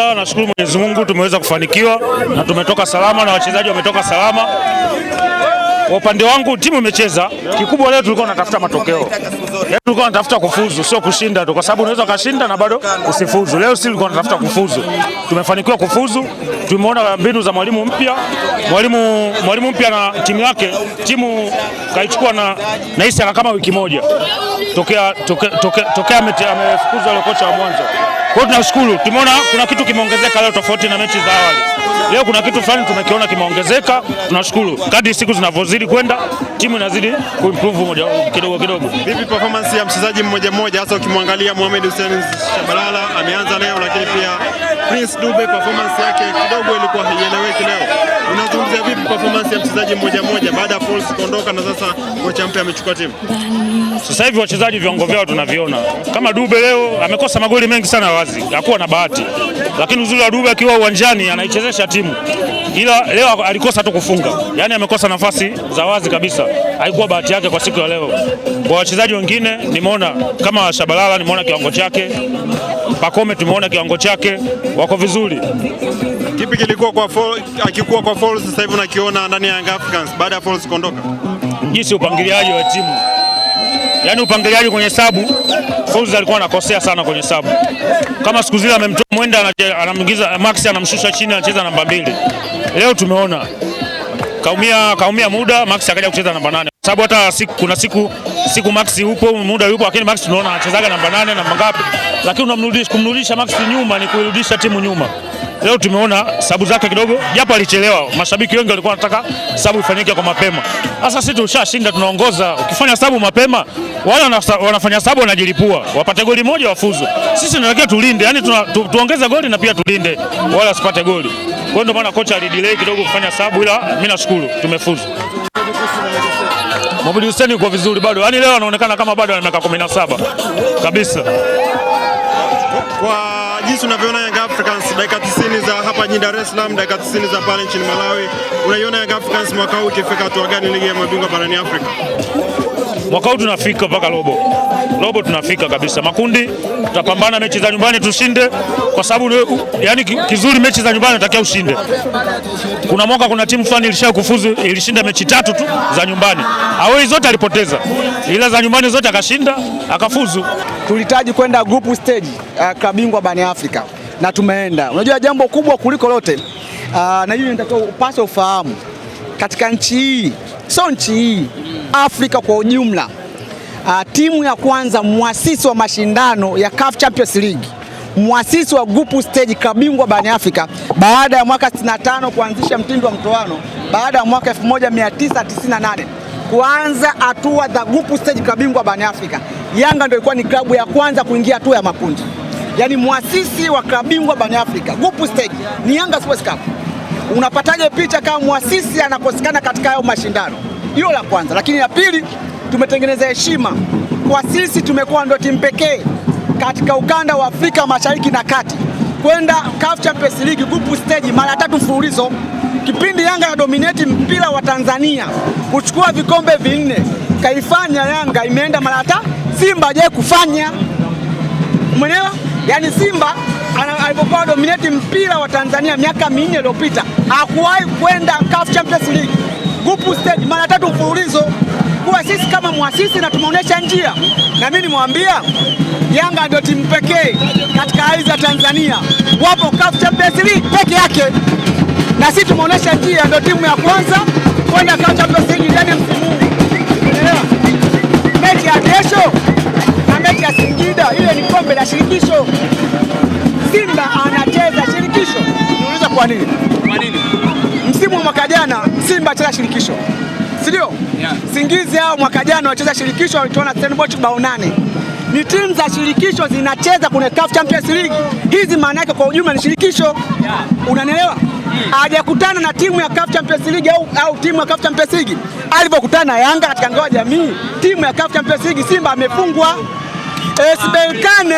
kwanza nashukuru Mwenyezi Mungu tumeweza kufanikiwa na tumetoka salama na wachezaji wametoka salama. Kwa upande wangu timu imecheza. Kikubwa leo tulikuwa tunatafuta matokeo. Leo tulikuwa tunatafuta kufuzu, sio kushinda tu, kwa sababu unaweza ukashinda na bado usifuzu. Leo sisi tulikuwa tunatafuta kufuzu, tumefanikiwa kufuzu. Tumeona mbinu za mwalimu mpya, mwalimu mwalimu mpya na timu yake. Timu kaichukua na naisi kama wiki moja tokea tokea tokea amefukuzwa yule kocha wa mwanzo. Kwa hiyo tunashukuru, tumeona kuna kitu kimeongezeka leo tofauti na mechi za awali. Leo kuna kitu fulani tumekiona kimeongezeka, tunashukuru. Kadri siku zinavyozidi kwenda, timu inazidi kuimprove moja kidogo kidogo. Vipi performance ya mchezaji mmoja mmoja, hasa ukimwangalia Mohamed Hussein Shabalala ameanza leo, lakini pia Prince Dube performance yake kidogo ilikuwa haieleweki leo. Unazungumzia vipi? nafasi ya mchezaji mmoja mmoja baada ya Pauls kuondoka na sasa kocha mpya amechukua timu. Sasa hivi wachezaji viwango vyao tunaviona. Kama Dube leo amekosa magoli mengi sana wazi, hakuwa na bahati. Lakini uzuri wa Dube akiwa uwanjani anaichezesha timu. Ila leo alikosa tu kufunga. Yaani amekosa nafasi za wazi kabisa. Haikuwa bahati yake kwa siku ya leo. Kwa wachezaji wengine nimeona kama Shabalala nimeona kiwango chake. Pakome tumeona kiwango chake, wako vizuri. Kipi kilikuwa kwa akikuwa kwa Falls sasa hivi unakiona ndani ya Young Africans baada ya Folz kuondoka? Jinsi upangiliaji wa timu, yaani upangiliaji kwenye sabu, Folz alikuwa anakosea sana kwenye sabu. Kama siku zile amemtoa Mwenda, anamwingiza Max, anamshusha chini, anacheza namba mbili. Leo tumeona kaumia, kaumia muda, Max akaja kucheza namba nane sababu hata siku, kuna siku siku Max yupo muda yupo, lakini Max tunaona anachezaga namba nane namba ngapi, lakini unamrudisha kumrudisha Max nyuma ni kuirudisha timu nyuma leo tumeona sabu zake kidogo, japo alichelewa. Mashabiki wengi walikuwa wanataka sabu ifanyike kwa mapema. Sasa sisi tulishashinda, tunaongoza. Ukifanya sabu mapema, wale wanafanya sabu wanajilipua, wapate goli moja, wafuzu. Sisi tunatakiwa tulinde, yani tuna, tu, tuongeze goli na pia tulinde wala wasipate goli. Kwa hiyo ndio maana kocha alidelay kidogo kufanya sabu, ila mimi nashukuru tumefuzu. Mohamed Hussein yuko vizuri bado, yani leo anaonekana kama bado ana miaka 17 kabisa kwa jinsi unavyoona Young Africans dakika 90 za hapa jijini Dar es Salaam, dakika 90 za pale nchini Malawi, unaiona Young Africans mwaka huu ikifika hatua gani ligi ya mabingwa barani Afrika? mwaka huu tunafika mpaka robo robo, tunafika kabisa makundi. Tutapambana mechi za nyumbani tushinde, kwa sababu yani kizuri, mechi za nyumbani unatakiwa ushinde. Kuna mwaka kuna timu fulani ilisha kufuzu ilishinda mechi tatu tu za nyumbani, awei zote alipoteza, ila za nyumbani zote akashinda akafuzu. Tulihitaji kwenda group stage uh, klabu bingwa barani Afrika na tumeenda. Unajua jambo kubwa kuliko lote uh, na hili nitatoa upasa ufahamu katika nchi hii, sio nchi hii Afrika kwa ujumla. Uh, timu ya kwanza mwasisi wa mashindano ya CAF Champions League, mwasisi wa group stage kabingwa barani Afrika baada ya mwaka 65 kuanzisha mtindo wa mtoano baada ya mwaka 1998 kuanza hatua za group stage kabingwa barani Afrika. Yanga ndio ilikuwa ni klabu ya kwanza kuingia hatua ya makundi, yaani mwasisi wa kabingwa barani Afrika group stage ni Yanga Sports Cup. Unapataje picha kama mwasisi anakosekana katika hayo mashindano? Hilo la kwanza, lakini la pili, tumetengeneza heshima kwa sisi. Tumekuwa ndio timu pekee katika ukanda wa Afrika Mashariki na Kati kwenda CAF Champions League group stage mara tatu mfululizo. Kipindi Yanga ya dominate mpira wa Tanzania kuchukua vikombe vinne, kaifanya Yanga imeenda mara tatu, Simba je kufanya, umeelewa? yani Simba alipokuwa dominate mpira wa Tanzania miaka minne iliyopita hakuwahi kwenda CAF Champions League group stage mara tatu mfululizo kuwa sisi kama mwasisi na tumeonyesha njia, na mimi nimwambia Yanga ndio timu pekee katika ardhi Tanzania wapo CAF Champions League peke yake, na sisi tumeonyesha njia, ndio timu ya kwanza kwenda CAF Champions League ndani ya msimu huu. Mechi ya kesho na mechi ya Singida, ile ni kombe la shirikisho. Simba anacheza shirikisho, niuliza kwa nini? Simba cheza shirikisho, si ndio? Yeah. Singizi hao mwaka jana wacheza shirikisho walitoa Stellenbosch bao nane. Ni timu za shirikisho zinacheza kwenye CAF Champions League. Hizi maana yake kwa ujumla ni shirikisho. Yeah. Unanielewa? Mm. Hajakutana na timu ya CAF Champions League au, au timu ya CAF Champions League alivyokutana na Yanga katika ngao ya jamii, timu ya CAF Champions League Simba amefungwa. AS Berkane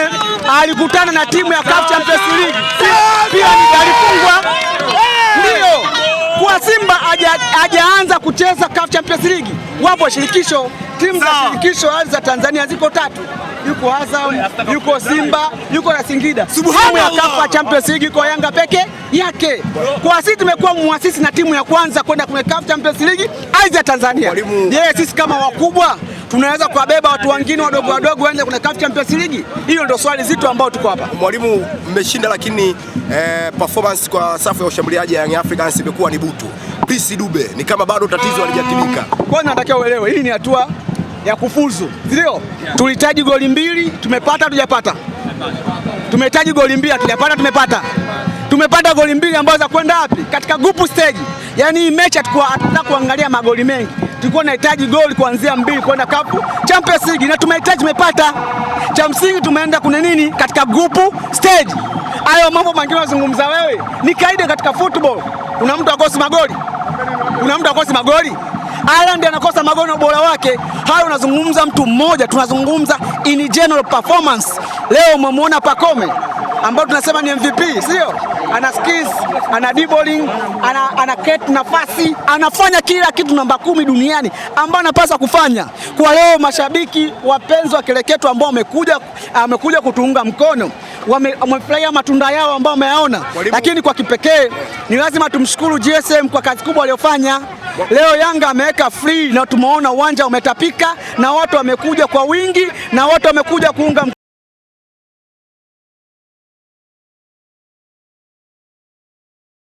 alikutana na timu ya CAF Champions League pia alifungwa kuwa Simba hajaanza kucheza CAF Champions League, wapo shirikisho, timu za shirikisho za Tanzania ziko tatu, yuko Azam, yuko Simba, yuko na Singida. Timu ya CAF Champions League iko Yanga peke yake. Kwa sisi tumekuwa muasisi na timu ya kwanza kwenda kwenye CAF Champions League aiza Tanzania. Je, sisi kama wakubwa tunaweza kuwabeba watu wengine wadogo wadogo waende kuna kafu Champions League? Hiyo ndio swali zito ambao tuko hapa. Mwalimu, mmeshinda lakini eh, performance kwa safu ya ushambuliaji ya Young Africans imekuwa ni butu. Pisi Dube ni kama bado tatizo halijatimika. Kwa hiyo uelewe hii ni hatua ya kufuzu, ndio tulihitaji goli mbili, tumepata tujapata, tumehitaji goli mbili tujapata tumepata tumepata goli mbili ambazo za kwenda wapi katika group stage. Yani hii mechi hatukuwa kuangalia magoli mengi tulikuwa tunahitaji goli kuanzia mbili kwenda cup Champions League na tumehitaji tumepata. Cha msingi tumeenda kuna nini katika group stage. Hayo mambo mengine unazungumza wewe ni kaida katika football. Kuna mtu akosi magoli, kuna mtu akosi magoli. Ireland anakosa magoli na ubora wake. Hayo unazungumza mtu mmoja, tunazungumza in general performance. Leo umemwona Pakome ambao tunasema ni MVP, sio? Ana skills, ana dribbling, ana ana create nafasi, anafanya kila kitu namba kumi duniani ambao anapaswa kufanya. Kwa leo mashabiki wapenzi wa ambao wamekuja amekuja kutuunga mkono wamefurahia matunda yao ambao wameyaona, lakini kwa kipekee ni lazima tumshukuru GSM kwa kazi kubwa waliofanya Leo Yanga ameweka free na tumeona uwanja umetapika na watu wamekuja kwa wingi na watu wamekuja kuunga